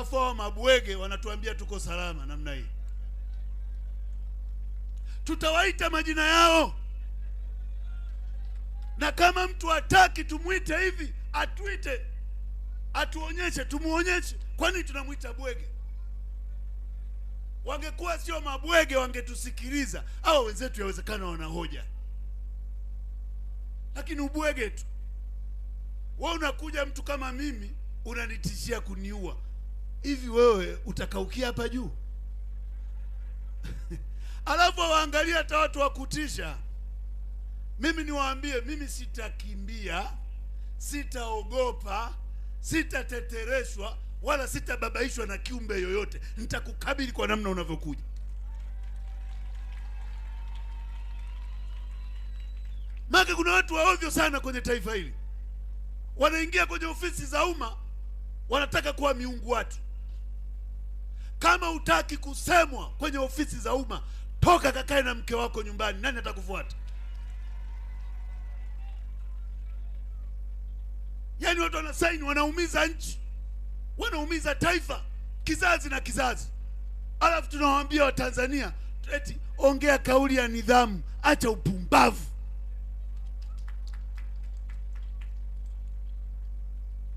alafu hao mabwege wanatuambia tuko salama namna hii. Tutawaita majina yao, na kama mtu hataki tumwite hivi, atuite, atuonyeshe, tumuonyeshe. Kwani tunamwita bwege? Wangekuwa sio mabwege, wangetusikiliza. Hao wenzetu yawezekana wana hoja, lakini ubwege tu. Wewe unakuja mtu kama mimi unanitishia kuniua hivi wewe utakaukia hapa juu? Alafu waangalia hata watu wakutisha Mimi niwaambie, mimi sitakimbia, sitaogopa, sitatetereshwa wala sitababaishwa na kiumbe yoyote. Nitakukabili kwa namna unavyokuja. Maana kuna watu waovyo sana kwenye taifa hili, wanaingia kwenye ofisi za umma, wanataka kuwa miungu watu. Kama utaki kusemwa kwenye ofisi za umma, toka kakae na mke wako nyumbani. Nani atakufuata? Yaani watu wanasaini, wanaumiza nchi, wanaumiza taifa, kizazi na kizazi, alafu tunawaambia Watanzania eti ongea kauli ya nidhamu, acha upumbavu.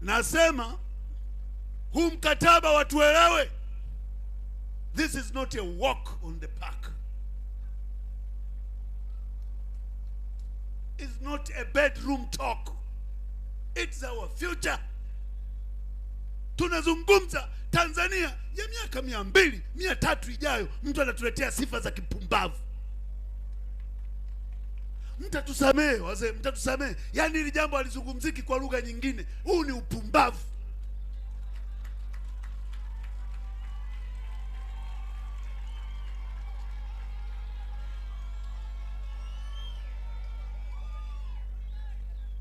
Nasema huu mkataba watuelewe. This is not a walk on the park. It's not a bedroom talk. It's our future. Tunazungumza Tanzania ya miaka mia mbili mia tatu ijayo, mtu anatuletea sifa za kipumbavu. Mtatusamehe wazee, mtatusamehe. Yaani hili jambo halizungumziki kwa lugha nyingine. Huu ni upumbavu.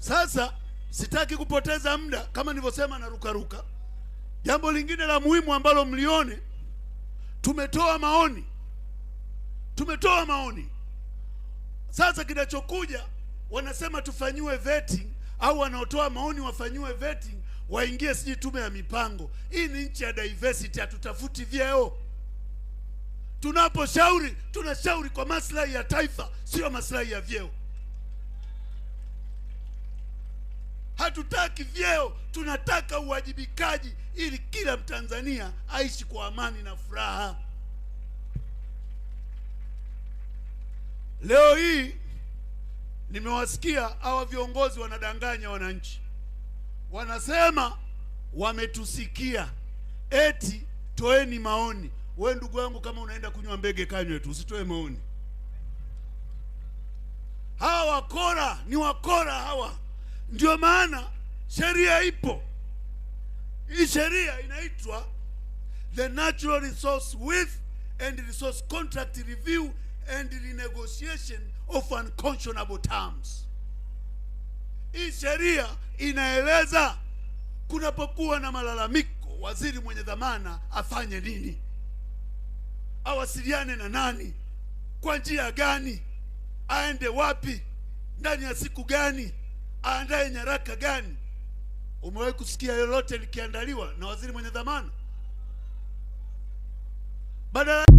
Sasa sitaki kupoteza muda, kama nilivyosema, narukaruka. Jambo lingine la muhimu ambalo mlione, tumetoa maoni, tumetoa maoni. Sasa kinachokuja wanasema tufanyiwe vetting, au wanaotoa maoni wafanyiwe vetting, waingie sijui tume ya mipango. Hii ni nchi ya diversity, hatutafuti vyeo. Tunaposhauri tunashauri kwa maslahi ya taifa, sio maslahi ya vyeo. hatutaki vyeo, tunataka uwajibikaji ili kila Mtanzania aishi kwa amani na furaha. Leo hii nimewasikia hawa viongozi wanadanganya wananchi, wanasema wametusikia, eti toeni maoni. We ndugu yangu, kama unaenda kunywa mbege, kanywe tu, usitoe maoni. Hawa wakora ni wakora hawa. Ndio maana sheria ipo. Hii sheria inaitwa the Natural Resource With and Resource Contract Review and Renegotiation of Unconscionable Terms. Hii sheria inaeleza kunapokuwa na malalamiko, waziri mwenye dhamana afanye nini, awasiliane na nani, kwa njia gani, aende wapi, ndani ya siku gani aandae nyaraka gani? Umewahi kusikia lolote likiandaliwa na waziri mwenye dhamana badala